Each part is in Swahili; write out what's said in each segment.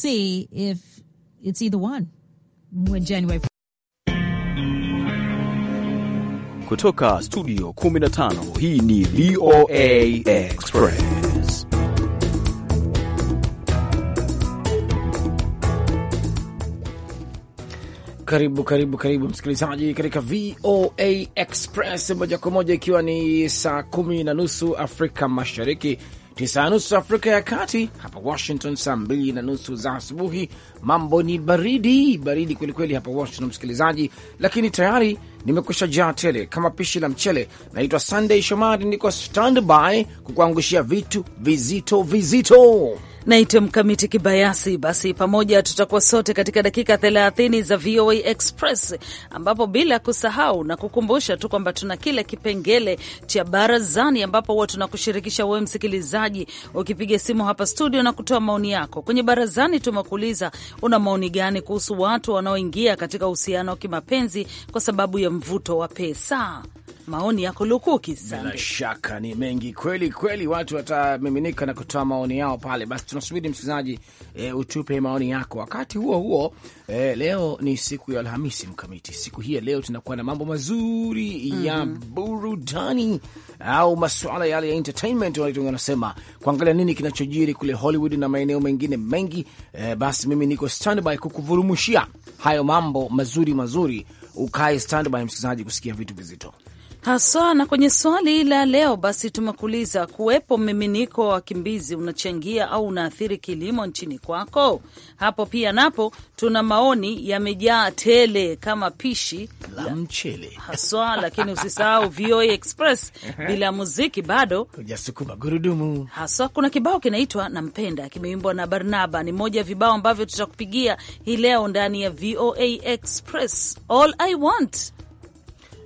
see if it's either one when January. Kutoka studio 15 hii ni VOA Express. Karibu karibu karibu msikilizaji katika VOA Express moja kwa moja, ikiwa ni saa kumi na nusu Afrika Mashariki tisa na nusu Afrika ya Kati, hapa Washington saa mbili na nusu za asubuhi, Mambo ni baridi baridi kwelikweli hapa Washington, msikilizaji, lakini tayari nimekwisha jaa tele kama pishi la mchele. Naitwa Sunday Shomari, niko standby kukuangushia vitu vizito vizito. Naitwa Mkamiti Kibayasi. Basi pamoja tutakuwa sote katika dakika 30 za VOA Express, ambapo bila kusahau na kukumbusha tu kwamba tuna kile kipengele cha barazani, ambapo huwa tunakushirikisha wewe msikilizaji ukipiga simu hapa studio na kutoa maoni yako kwenye barazani. Tumekuuliza una maoni gani kuhusu watu wanaoingia katika uhusiano wa kimapenzi kwa sababu ya mvuto wa pesa? maoni yako lukuki sana. Bila shaka ni mengi kweli kweli, watu watamiminika na kutoa maoni yao pale. Basi tunasubiri msikilizaji, e, utupe maoni yako. Wakati huo huo, e, leo ni siku ya Alhamisi mkamiti. Siku hii ya leo tunakuwa na mambo mazuri mm -hmm. ya mhm. burudani au masuala yale ya entertainment, wanaitu wanasema kuangalia nini kinachojiri kule Hollywood na maeneo mengine mengi. E, basi mimi niko standby kukuvurumushia hayo mambo mazuri mazuri, ukae standby msikilizaji kusikia vitu vizito haswa. Na kwenye swali la leo basi tumekuuliza, kuwepo mmiminiko wa wakimbizi unachangia au unaathiri kilimo nchini kwako? Hapo pia napo tuna maoni yamejaa tele kama pishi la mchele haswa, lakini usisahau VOA Express bila muziki bado hujasukuma gurudumu haswa. Kuna kibao kinaitwa Nampenda, kimeimbwa na Barnaba, ni moja ya vibao ambavyo tutakupigia hii leo ndani ya VOA Express. All I want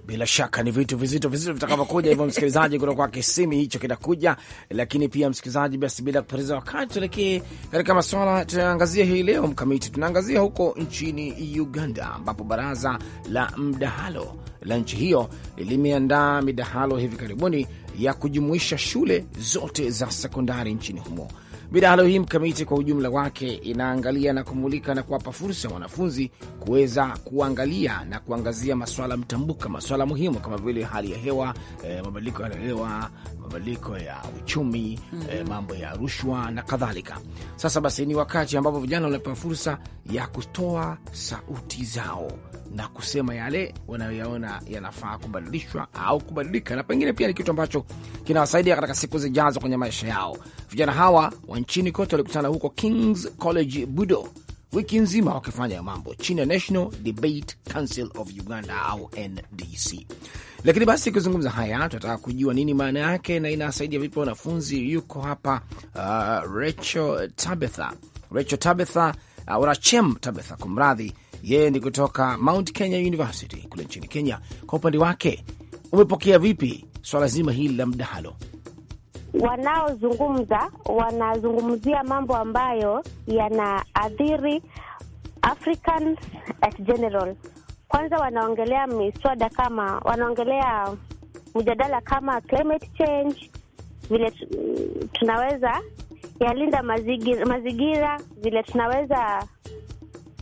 bila shaka ni vitu vizito vizito vitakavyokuja hivyo, msikilizaji, kutoka kwa kisimi hicho kinakuja. Lakini pia msikilizaji, basi bila kupoteza wakati, tuelekee katika maswala tunayoangazia hii leo. Mkamiti, tunaangazia huko nchini Uganda, ambapo baraza la mdahalo la nchi hiyo limeandaa midahalo hivi karibuni ya kujumuisha shule zote za sekondari nchini humo. Midahalo hii mkamiti kwa ujumla wake inaangalia na kumulika na kuwapa fursa wanafunzi kuweza kuangalia na kuangazia maswala mtambuka, maswala muhimu kama vile hali ya hewa, e, mabadiliko ya hewa, mabadiliko ya uchumi mm -hmm. E, mambo ya rushwa na kadhalika. Sasa basi, ni wakati ambapo vijana wanapewa fursa ya kutoa sauti zao na kusema yale wanayoyaona yanafaa kubadilishwa au kubadilika, na pengine pia ni kitu ambacho kinawasaidia katika siku zijazo kwenye maisha yao. Vijana hawa wa nchini kote walikutana huko King's College Budo wiki nzima wakifanya mambo chini ya National Debate Council of Uganda au NDC. Lakini basi kuzungumza haya, tunataka kujua nini maana yake na inasaidia vipi wanafunzi. Yuko hapa uh, Rachel Tabetha, Rachel Tabetha uh, Rachem Tabetha, kumradhi yeye ni kutoka Mount Kenya University kule nchini Kenya. Kwa upande wake, umepokea vipi swala zima hili la mdahalo? Wanaozungumza wanazungumzia mambo ambayo yanaathiri Africans at general. Kwanza wanaongelea miswada kama, wanaongelea mjadala kama climate change, vile tunaweza yalinda mazigira, mazingira vile tunaweza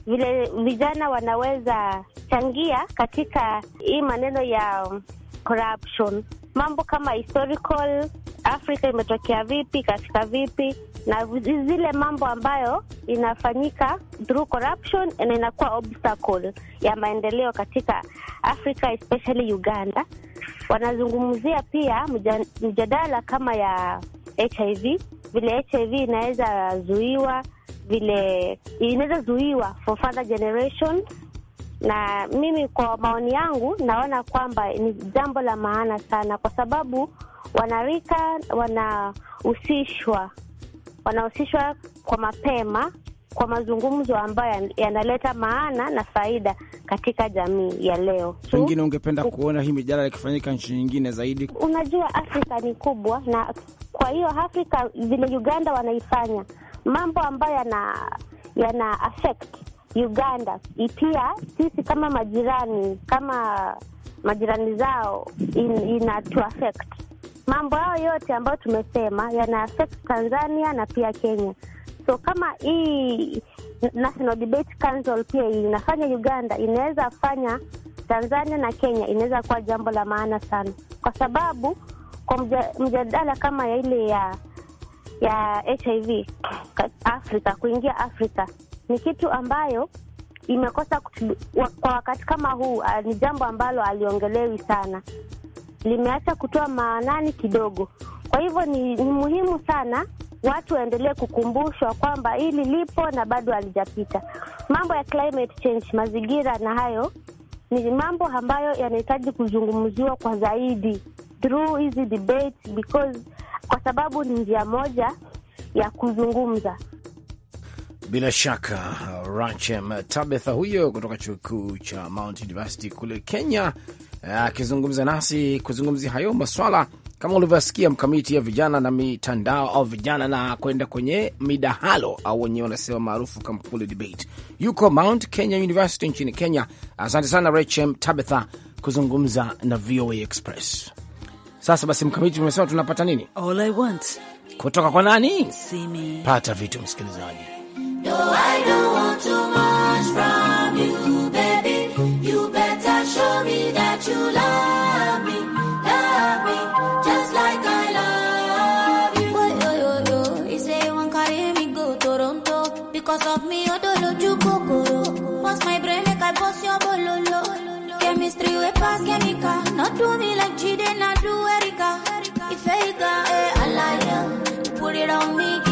vile vijana wanaweza changia katika hii maneno ya corruption, mambo kama historical Afrika imetokea vipi, katika vipi na zile mambo ambayo inafanyika through corruption na inakuwa obstacle ya maendeleo katika Afrika especially Uganda. Wanazungumzia pia mjadala kama ya HIV, vile HIV inaweza zuiwa vile inaweza zuiwa for further generation, na mimi kwa maoni yangu naona kwamba ni jambo la maana sana, kwa sababu wanarika wanahusishwa wanahusishwa kwa mapema kwa mazungumzo ambayo yanaleta maana na faida katika jamii ya leo. Pengine ungependa kuona hii mijadala ikifanyika nchi nyingine zaidi. Unajua, Afrika ni kubwa, na kwa hiyo Afrika vile Uganda wanaifanya mambo ambayo yana yana affect Uganda pia sisi kama majirani kama majirani zao in, to affect mambo hayo yote ambayo tumesema yana affect Tanzania na pia Kenya. So kama hii National Debate Council pia inafanya Uganda, inaweza fanya Tanzania na Kenya, inaweza kuwa jambo la maana sana, kwa sababu kwa mjadala kama ya ile ya ya HIV Afrika, kuingia Afrika ni kitu ambayo imekosa kwa wakati kama huu ah, ni jambo ambalo aliongelewi sana, limeacha kutoa maanani kidogo. Kwa hivyo ni, ni muhimu sana watu waendelee kukumbushwa kwamba hili lipo na bado halijapita. Mambo ya climate change, mazingira na hayo ni mambo ambayo yanahitaji kuzungumziwa kwa zaidi through hizi because kwa sababu ni njia moja ya kuzungumza. Bila shaka Rachem Tabetha huyo kutoka chuo kikuu cha Mount University kule Kenya akizungumza nasi kuzungumzia hayo maswala kama ulivyosikia mkamiti ya vijana na mitandao au vijana na kwenda kwenye midahalo au wenyewe wanasema maarufu kama kule debate. Yuko Mount Kenya University nchini Kenya. Asante sana Rachem Tabetha kuzungumza na VOA Express. Sasa basi, mkamiti, umesema tunapata nini? All I want kutoka kwa nani? Pata vitu msikilizaji. chemistry we pass chemical. Not do me like she did not do Erica. If Erica, eh, I lie, you put it on me.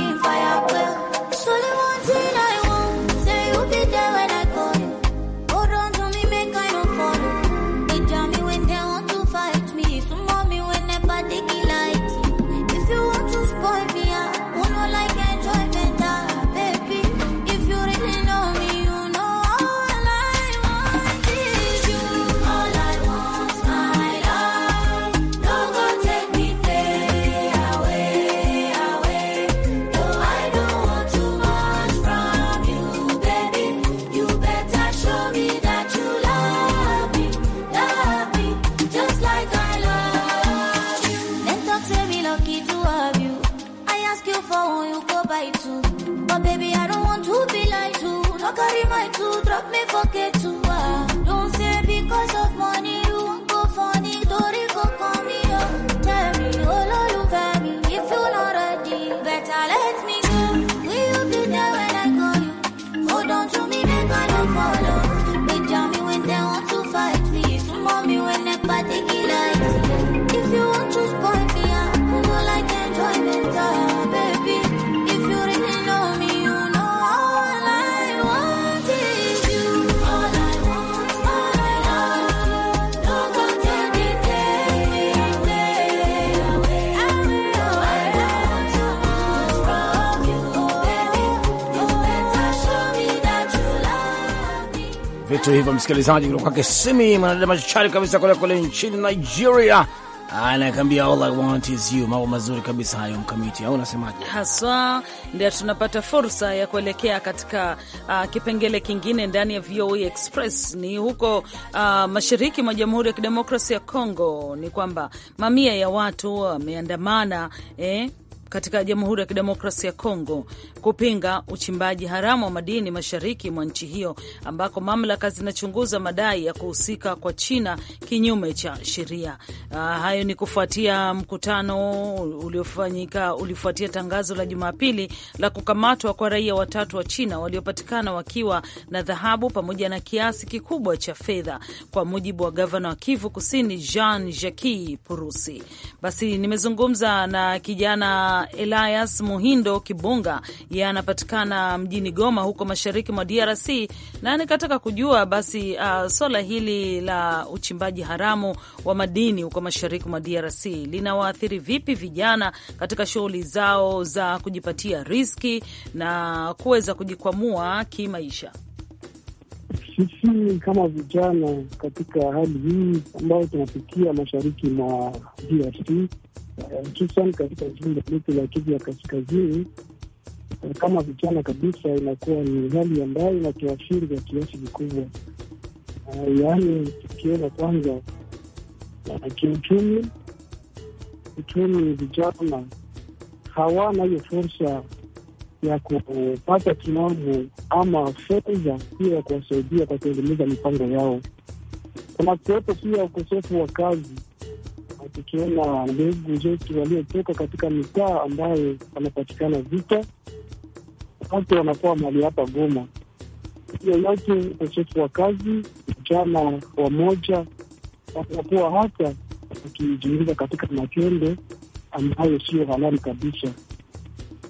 carry my two, drop me for to 2 tu hivyo, msikilizaji, kutoka kwake Simi, mwanadada machari kabisa kule kule nchini Nigeria anakambia all I want is you. Mambo mazuri kabisa hayo, Mkamiti, au unasemaje? Haswa ndio tunapata fursa ya kuelekea katika uh, kipengele kingine ndani ya VOA e Express. Ni huko uh, mashariki mwa Jamhuri ya Kidemokrasia ya congo ni kwamba mamia ya watu wameandamana eh, katika Jamhuri ya Kidemokrasia ya Kongo kupinga uchimbaji haramu wa madini mashariki mwa nchi hiyo ambako mamlaka zinachunguza madai ya kuhusika kwa China kinyume cha sheria. Uh, hayo ni kufuatia mkutano uliofanyika ulifuatia tangazo la Jumapili la kukamatwa kwa raia watatu wa China waliopatikana wakiwa na dhahabu pamoja na kiasi kikubwa cha fedha, kwa mujibu wa gavana wa Kivu Kusini Jean Jacques Purusi. Basi nimezungumza na kijana Elias Muhindo Kibunga, yeye anapatikana mjini Goma huko mashariki mwa DRC, na nikataka kujua basi uh, swala hili la uchimbaji haramu wa madini huko mashariki mwa DRC linawaathiri vipi vijana katika shughuli zao za kujipatia riski na kuweza kujikwamua kimaisha? Sisi kama vijana katika hali hii ambayo tunapitia mashariki mwa DRC hususan katika jimbo letu la Kivu ya Kaskazini. Eh, kama vijana kabisa, inakuwa ni hali ambayo inatuathiri kwa kiasi kikubwa. Eh, yaani, tukiona kwanza eh, kiuchumi, uchumi, vijana hawana hiyo fursa ya kupata kinamu ama fedha pia ya kuwasaidia kwa kuendeleza mipango yao. Kuna kuwepo pia ukosefu wa kazi tukiona ndugu zetu waliotoka katika mitaa ambayo wanapatikana vita, watu wanakuwa mali hapa Goma. Hiyo yote ukosefu wa kazi, vijana wamoja wanakuwa hata wakijiingiza katika matendo ambayo sio halali kabisa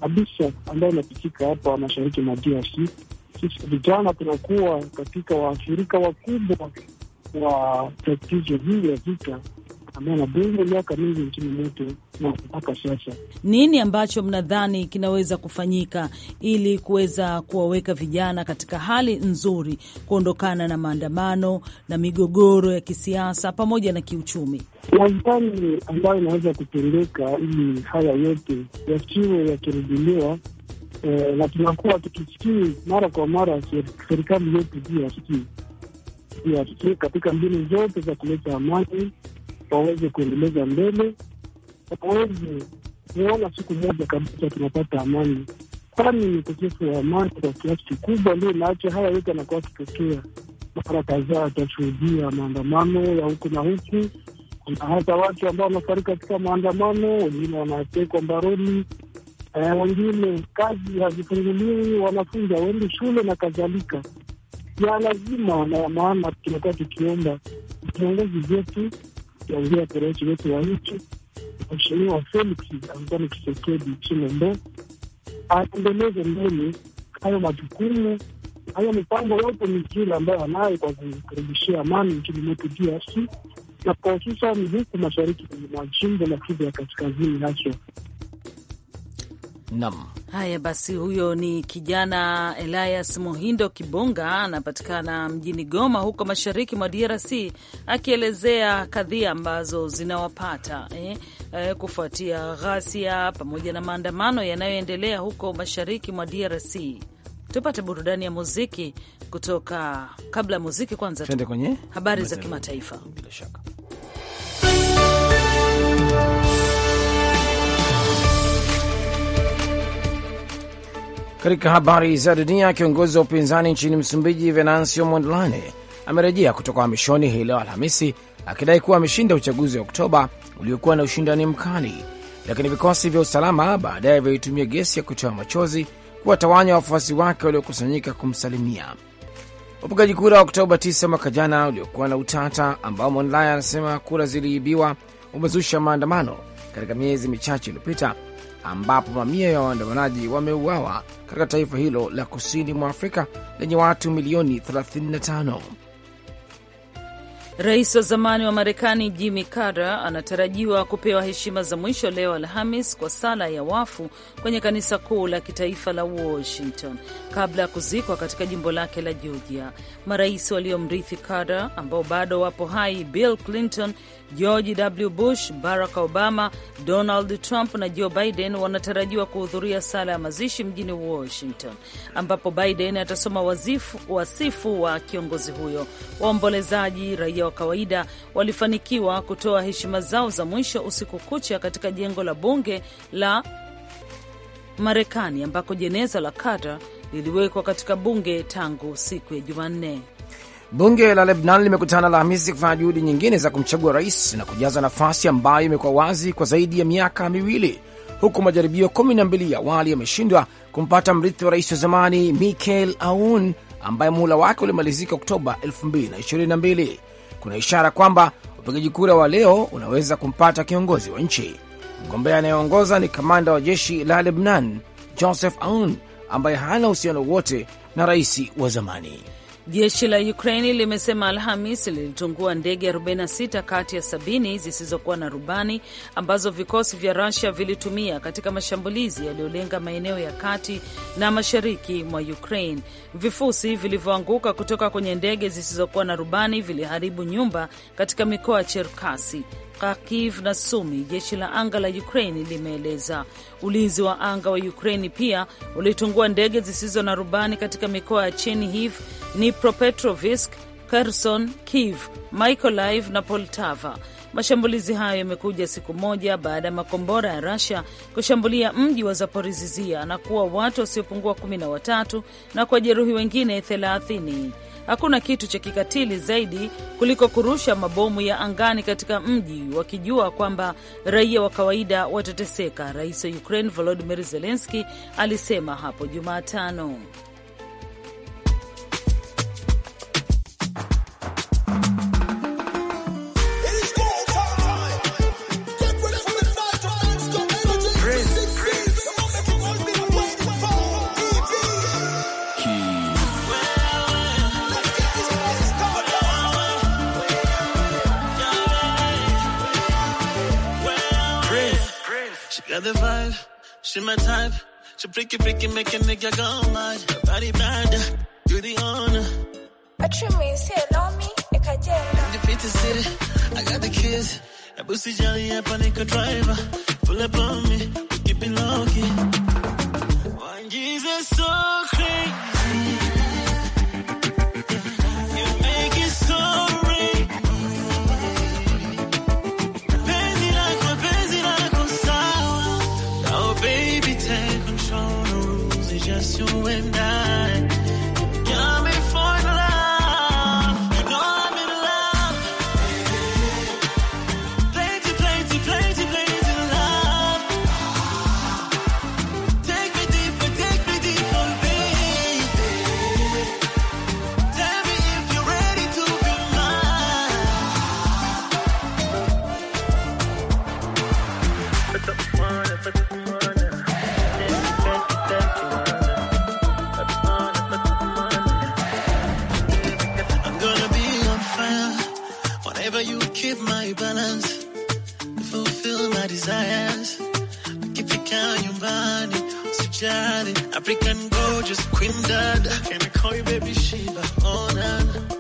kabisa, ambayo inapitika hapa mashariki mwa DRC. Sisi vijana tunakuwa katika waathirika wakubwa wa tatizo hii ya vita ambaye anadumu miaka mingi nchini mwetu na mpaka sasa. Nini ambacho mnadhani kinaweza kufanyika ili kuweza kuwaweka vijana katika hali nzuri, kuondokana na maandamano na migogoro ya kisiasa pamoja na kiuchumi? Nadhani ambayo inaweza kutendeka ili haya yote yakiwe yakirudiliwa E, eh, na tunakuwa tukisikii mara kwa mara serikali yetu juu ya sikii katika mbinu zote za kuleta amani waweze kuendeleza mbele, waweze kuona siku moja kabisa tunapata amani, kwani ni ukosefu wa amani kwa kiasi kikubwa ndio inaacha haya yote anakuwa akitokea. Mara kadhaa atashuhudia maandamano ya huku na huku. Kuna hata watu ambao wanafariki katika maandamano, wengine wanatekwa mbaroni, eh, wengine kazi hazifunguliwi, wanafunzi hawaendi shule na kadhalika. Ya lazima na maana, tunakuwa tukiomba viongozi vyetu kuanzia rais wetu wa nchi Mheshimiwa Felix Anthony Tshisekedi Tshilombo aendeleze mbele hayo majukumu hayo mipango yote mizuri ambayo anayo kwa kukaribishia amani nchini mwetu DRC na kwa hususani huku mashariki mwa jimbo la Kivu ya kaskazini hacho. nam Haya basi, huyo ni kijana Elias Muhindo Kibonga, anapatikana mjini Goma huko mashariki mwa DRC, akielezea kadhia ambazo zinawapata eh, eh, kufuatia ghasia pamoja na maandamano yanayoendelea huko mashariki mwa DRC. Tupate burudani ya muziki kutoka kabla ya muziki, kwanza habari za kimataifa bila shaka. Katika habari za dunia, kiongozi wa upinzani nchini Msumbiji Venancio Mondlane amerejea kutoka hamishoni hii leo Alhamisi akidai kuwa ameshinda uchaguzi wa Oktoba uliokuwa na ushindani mkali, lakini vikosi vya usalama baadaye vilitumia gesi ya kutoa machozi kuwatawanya wafuasi wake waliokusanyika kumsalimia. Upigaji kura wa Oktoba 9 mwaka jana uliokuwa na utata, ambao Mondlane anasema kura ziliibiwa, umezusha maandamano katika miezi michache iliyopita ambapo mamia ya waandamanaji wameuawa katika taifa hilo la kusini mwa Afrika lenye watu milioni 35. Rais wa zamani wa Marekani Jimmy Carter anatarajiwa kupewa heshima za mwisho leo Alhamis kwa sala ya wafu kwenye kanisa kuu la kitaifa la Washington kabla ya kuzikwa katika jimbo lake la Georgia. Marais waliomrithi Carter ambao bado wapo hai, Bill Clinton, George W. Bush, Barack Obama, Donald Trump na Joe Biden wanatarajiwa kuhudhuria sala ya mazishi mjini Washington, ambapo Biden atasoma wazifu, wasifu wa kiongozi huyo. Waombolezaji raia wa kawaida walifanikiwa kutoa heshima zao za mwisho usiku kucha katika jengo la bunge la Marekani ambako jeneza la Carter liliwekwa katika bunge tangu siku ya Jumanne. Bunge la Lebanon limekutana Alhamisi kufanya juhudi nyingine za kumchagua rais na kujaza nafasi ambayo imekuwa wazi kwa zaidi ya miaka miwili, huku majaribio kumi na mbili ya awali yameshindwa kumpata mrithi wa rais wa zamani Mikel Aoun ambaye muhula wake ulimalizika Oktoba 2022 kuna ishara kwamba upigaji kura wa leo unaweza kumpata kiongozi wa nchi. Mgombea anayeongoza ni kamanda wa jeshi la Lebnan Joseph Aoun ambaye hana uhusiano wote na rais wa zamani. Jeshi la Ukraini limesema Alhamis lilitungua ndege 46 kati ya 70 zisizokuwa na rubani ambazo vikosi vya Rusia vilitumia katika mashambulizi yaliyolenga maeneo ya kati na mashariki mwa Ukraine. Vifusi vilivyoanguka kutoka kwenye ndege zisizokuwa na rubani viliharibu nyumba katika mikoa ya Cherkasi, Kharkiv na Sumi, jeshi la anga la Ukraine limeeleza. Ulinzi wa anga wa Ukraine pia ulitungua ndege zisizo na rubani katika mikoa ya Chernihiv, Dnipropetrovsk, Kherson, Kiev, Mykolaiv na Poltava. Mashambulizi hayo yamekuja siku moja baada ya makombora ya Russia kushambulia mji wa zaporizizia na kuwa watu wasiopungua kumi na watatu na kuwajeruhi wengine thelathini. Hakuna kitu cha kikatili zaidi kuliko kurusha mabomu ya angani katika mji wakijua kwamba raia wa kawaida watateseka, rais wa Ukraine volodimir zelenski alisema hapo Jumatano. She my type. She freaky, freaky, make a nigga go mad. Body bad, you the owner. What you mean, say know me? Ikajenga. Defeat the city, I got the keys. A pussy jelly, a panic driver. Pull up on me, we keep it low key. One Jesus, so. desires. Ukifika nyumbani usijali, African gorgeous queen dad, can I call you baby Shiva, oh nana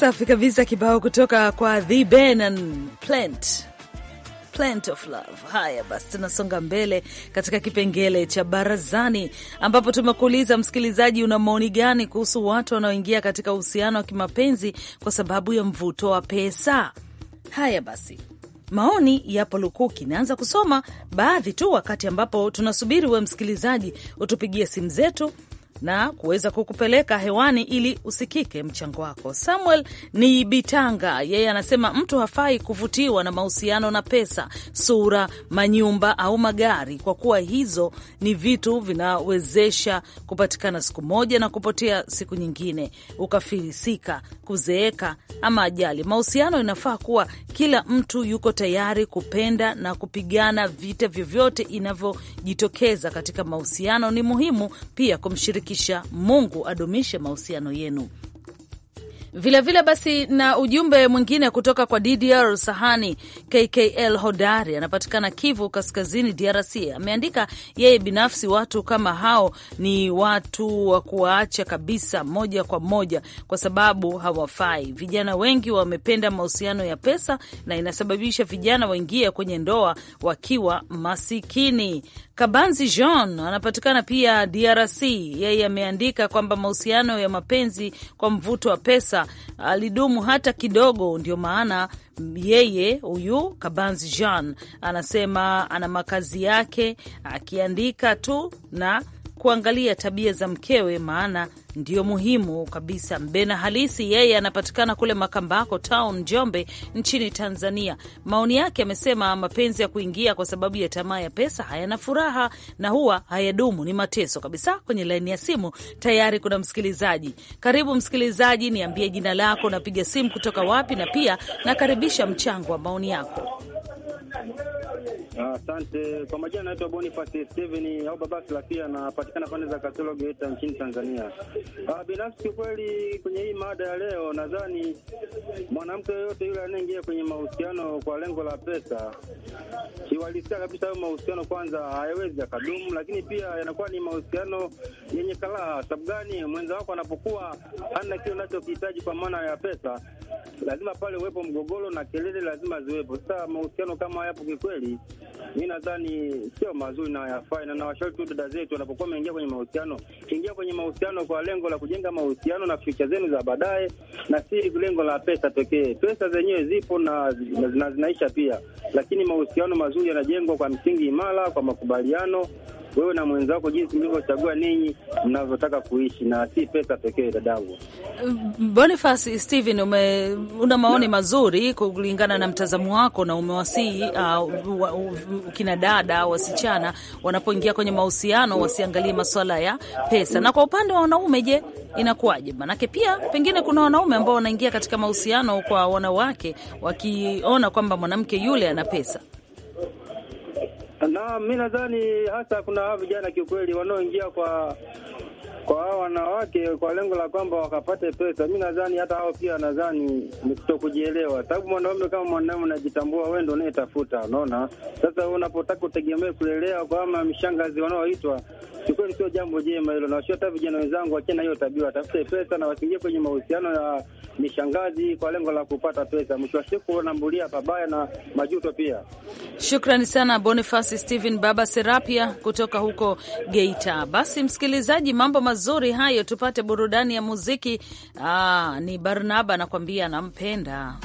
Safi kabisa, kibao kutoka kwa The Benan Plant Plant of Love. Haya basi, tunasonga mbele katika kipengele cha barazani, ambapo tumekuuliza msikilizaji, una maoni gani kuhusu watu wanaoingia katika uhusiano wa kimapenzi kwa sababu ya mvuto wa pesa? Haya basi maoni yapo lukuki. Naanza kusoma baadhi tu, wakati ambapo tunasubiri we msikilizaji utupigie simu zetu na kuweza kukupeleka hewani ili usikike mchango wako. Samuel ni Bitanga, yeye anasema mtu hafai kuvutiwa na mahusiano na pesa, sura, manyumba au magari, kwa kuwa hizo ni vitu vinawezesha kupatikana siku moja na kupotea siku nyingine, ukafilisika, kuzeeka ama ajali. Mahusiano inafaa kuwa kila mtu yuko tayari kupenda na kupigana vita vyovyote inavyojitokeza katika mahusiano. Ni muhimu pia kumshiriki kuhakikisha Mungu adumishe mahusiano yenu. Vilevile vile basi, na ujumbe mwingine kutoka kwa DDR Sahani KKL Hodari, anapatikana Kivu Kaskazini, DRC. Ameandika yeye binafsi, watu kama hao ni watu wa kuwaacha kabisa moja kwa moja, kwa sababu hawafai. Vijana wengi wamependa mahusiano ya pesa, na inasababisha vijana waingie kwenye ndoa wakiwa masikini. Kabanzi Jean anapatikana pia DRC, yeye ameandika kwamba mahusiano ya mapenzi kwa mvuto wa pesa kwanza alidumu hata kidogo. Ndio maana yeye huyu Kabanzi Jean anasema ana makazi yake akiandika tu na kuangalia tabia za mkewe, maana ndio muhimu kabisa. Mbena Halisi yeye anapatikana kule Makambako Town, Njombe, nchini Tanzania. Maoni yake amesema mapenzi ya kuingia kwa sababu ya tamaa ya pesa hayana furaha na huwa hayadumu, ni mateso kabisa. Kwenye laini ya simu tayari kuna msikilizaji. Karibu msikilizaji, niambie jina lako, napiga simu kutoka wapi, na pia nakaribisha mchango wa maoni yako. Asante. Kwa majina naitwa Boniface Steven au Baba Slafia, napatikana pande za Katoro Geita nchini Tanzania. Uh, binafsi kweli kwenye hii mada ya leo, nadhani mwanamke yoyote yule anayeingia kwenye mahusiano kwa lengo la pesa, kiwalisia kabisa hayo mahusiano kwanza hayawezi yakadumu, lakini pia yanakuwa ni mahusiano yenye kalaha. Sababu gani? Mwenza wako anapokuwa hana kile unachokihitaji kwa maana ya pesa, lazima pale uwepo mgogoro na kelele lazima ziwepo. Sasa mahusiano kama yapo kikweli mi nadhani sio mazuri na yafai, na nawashauri tu dada zetu wanapokuwa wameingia kwenye mahusiano, ingia kwenye mahusiano kwa lengo la kujenga mahusiano na ficha zenu za baadaye, na si lengo la pesa pekee. Pesa zenyewe zipo na, na zinaisha pia, lakini mahusiano mazuri yanajengwa kwa msingi imara, kwa makubaliano wewe na mwenzako, jinsi mlivyochagua ninyi mnavyotaka kuishi, na si pesa pekee. Dadangu Boniface Steven, ume, una maoni na mazuri kulingana na mtazamo wako, na umewasihi uh, kina dada wasichana wanapoingia kwenye mahusiano wasiangalie masuala ya pesa. Na kwa upande wa wanaume, je, inakuwaje? Manake pia pengine kuna wanaume ambao wanaingia katika mahusiano kwa wanawake wakiona kwamba mwanamke yule ana pesa Naam, mi nadhani hasa kuna hawa vijana kiukweli wanaoingia kwa kwa hao wanawake kwa lengo la kwamba wakapate pesa. Mi nadhani hata hao pia nadhani ni kutokujielewa, sababu mwanaume kama mwanaume unajitambua, wewe ndio unayetafuta, unaona. Sasa wewe unapotaka utegemee kulelewa kwa ama mshangazi wanaoitwa, ni sio jambo jema hilo. Nawashia hata vijana wenzangu wakiwa na hiyo tabia, watafute pesa na wasiingie kwenye mahusiano ya mishangazi kwa lengo la kupata pesa, mwisho wa siku wanambulia pabaya na majuto pia. Shukrani sana Bonifasi Steven Baba Serapia kutoka huko Geita. Basi msikilizaji, mambo mazuri mazuri hayo, tupate burudani ya muziki. Aa, ah, ni Barnaba anakuambia anampenda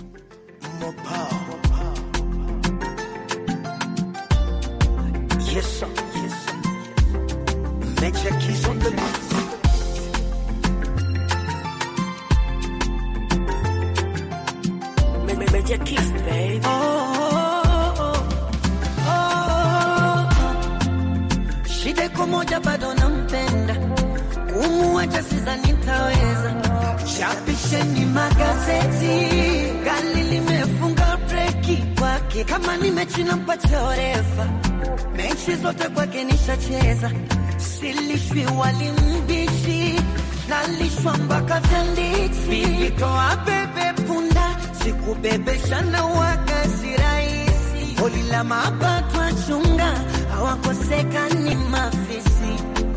shida iko moja bado kumuacha sidhani nitaweza. Chapisheni magazeti, gali limefunga breki kwake. Kama ni mechi nampatia orefa, mechi zote kwake nishacheza. Silishwi wali mbichi, nalishwa mpaka vya ndichi. Nilitoa bebe punda, sikubebesha na wakazi rahisi. Holi la mapato achunga, hawakosekani mafisi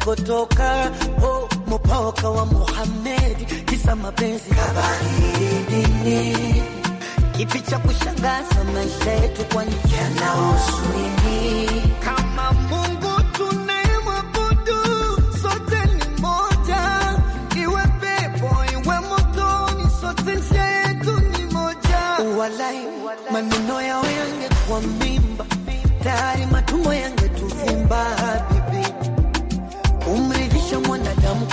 kotoka oh, mupaka wa Muhammad, kisa mapenzi kabaidini. Kipi cha kushangaza maisha yetu, kwani yanahusu nini? kama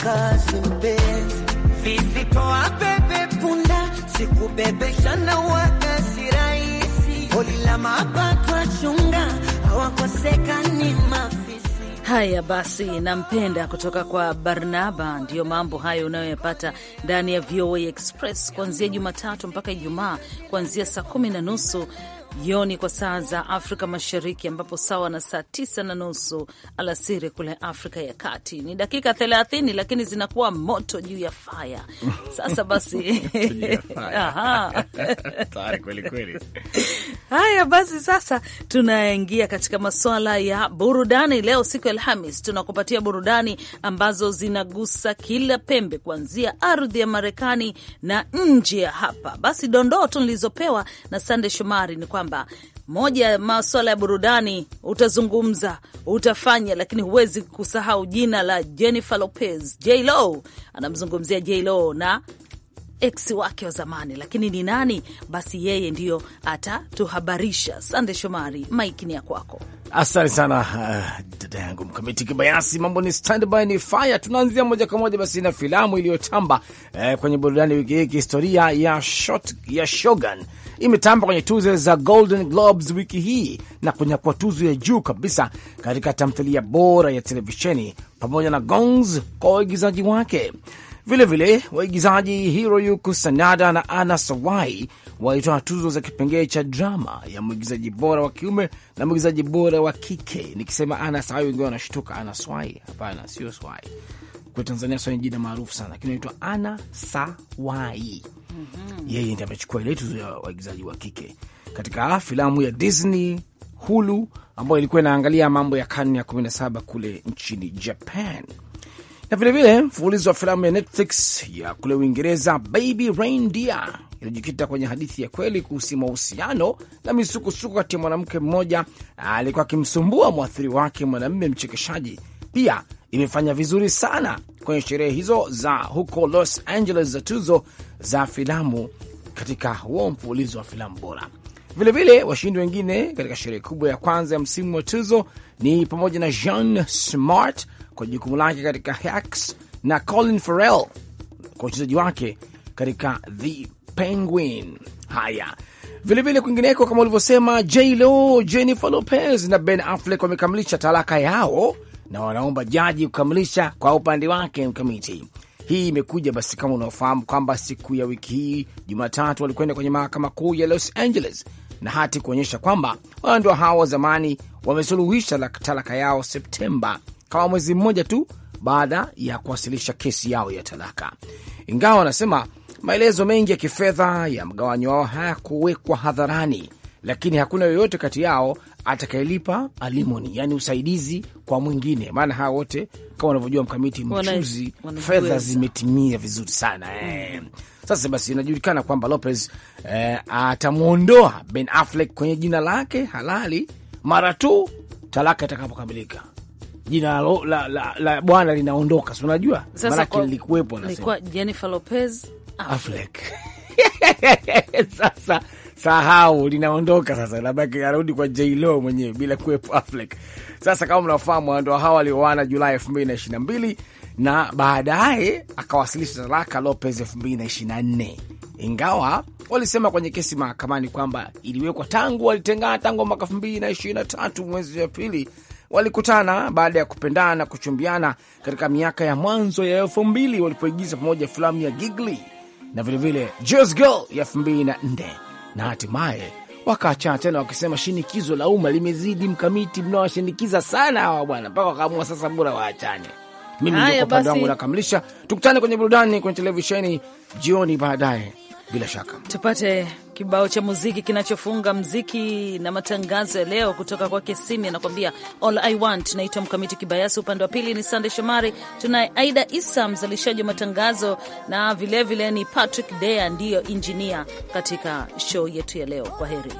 kazi mpenzi, punda, sikubebesha na si rahisi, mapato achunga Haya basi, nampenda kutoka kwa Barnaba. Ndiyo mambo hayo unayoyapata ndani ya VOA Express kuanzia Jumatatu mpaka Ijumaa, kuanzia saa kumi na nusu jioni kwa saa za Afrika Mashariki, ambapo sawa na saa tisa na nusu alasiri kule Afrika ya Kati. Ni dakika thelathini, lakini zinakuwa moto juu ya faya. Sasa basi haya basi, sasa tunaingia katika masuala ya burudani. Leo siku ya Alhamis, tunakupatia burudani ambazo zinagusa kila pembe, kuanzia ardhi ya Marekani na nje ya hapa. Basi dondoo tu nilizopewa na Sande Shomari ni kwamba moja ya maswala ya burudani utazungumza, utafanya, lakini huwezi kusahau jina la Jennifer Lopez, jlo Anamzungumzia jlo na ex wake wa zamani, lakini ni nani? Basi yeye ndiyo atatuhabarisha. Sande Shomari, maiki ni ya kwako. Asante sana uh, dada yangu Mkamiti Kibayasi. Mambo ni standby, ni fire. Tunaanzia moja kwa moja basi na filamu iliyotamba eh, kwenye burudani wiki hii. Historia ya, shot, ya Shogun imetamba kwenye tuzo za Golden Globes wiki hii na kunyakua tuzo ya juu kabisa katika tamthilia bora ya televisheni pamoja na gongs kwa waigizaji wake. Vilevile waigizaji Hiroyuku Sanada na Ana Sawai walitoa tuzo za kipengee cha drama ya mwigizaji bora wa kiume na mwigizaji bora wa kike. Nikisema Ana Sawai wengi wanashtuka, Ana Swai? Hapana, sio Swai. Kwa Tanzania Swai ni jina maarufu sana, lakini anaitwa Ana Sawai. Mhm. Yeye ndi amechukua ile tuzo ya waigizaji wa kike katika filamu ya Disney Hulu ambayo ilikuwa inaangalia mambo ya karne ya 17 kule nchini Japan na vilevile mfululizo wa filamu ya Netflix ya kule Uingereza Baby Reindeer iliyojikita kwenye hadithi ya kweli kuhusu mahusiano na misukusuku kati ya mwanamke mmoja ah, alikuwa akimsumbua mwathiri wake mwanamume mchekeshaji. Pia imefanya vizuri sana kwenye sherehe hizo za huko Los Angeles za tuzo za filamu katika huo mfululizo wa filamu bora. Vilevile washindi wengine katika sherehe kubwa ya kwanza ya msimu wa tuzo ni pamoja na Jean Smart kwa jukumu lake katika Hacks na Colin Farrell kwa uchezaji wake katika The Penguin. Haya, vilevile kwingineko, kama ulivyosema, J Lo, Jennifer Lopez na Ben Affleck wamekamilisha talaka yao na wanaomba jaji kukamilisha kwa upande wake. Mkamiti hii imekuja basi, kama unaofahamu kwamba siku ya wiki hii Jumatatu walikwenda kwenye mahakama kuu ya Los Angeles na hati kuonyesha kwamba wanandoa hao wa zamani wamesuluhisha talaka yao Septemba kama mwezi mmoja tu baada ya kuwasilisha kesi yao ya talaka, ingawa wanasema maelezo mengi ya kifedha ya mgawanyo wao hayakuwekwa hadharani, lakini hakuna yoyote kati yao atakayelipa alimoni, yani usaidizi kwa mwingine. Maana hawa wote kama wanavyojua mkamiti mchuzi, fedha zimetimia vizuri sana eh. Sasa basi inajulikana kwamba Lopez eh, atamwondoa Ben Affleck kwenye jina lake halali mara tu talaka itakapokamilika jina la, la, la, la bwana linaondoka, si unajua maanake lilikuwepo, nasema Jennifer Lopez Affleck sasa sahau linaondoka sasa, nabaki arudi kwa j mwenyewe bila kuwepo Affleck. Sasa kama mnafahamu, ndio hawa walioana Julai 2022 na baadaye akawasilisha talaka Lopez 2024, ingawa walisema kwenye kesi mahakamani kwamba iliwekwa tangu walitengana, tangu mwaka 2023 mwezi wa pili walikutana baada ya kupendana na kuchumbiana katika miaka ya mwanzo ya elfu mbili walipoigiza pamoja filamu ya Gigli na vilevile Jersey Girl ya elfu mbili na nne na hatimaye wakaachana tena, wakisema shinikizo la umma limezidi. Mkamiti, mnawashinikiza sana hawa bwana, mpaka wakaamua sasa bora waachane. Mimi ndio kwa upande wangu nakamilisha. Tukutane kwenye burudani kwenye televisheni jioni baadaye bila shaka tupate kibao cha muziki kinachofunga mziki na matangazo ya leo kutoka kwake Simi, anakuambia all I want. Naitwa Mkamiti Kibayasi, upande wa pili ni Sande Shomari, tunaye Aida Isa mzalishaji wa matangazo na vilevile vile ni Patrick Dea ndiyo injinia katika show yetu ya leo. Kwa heri.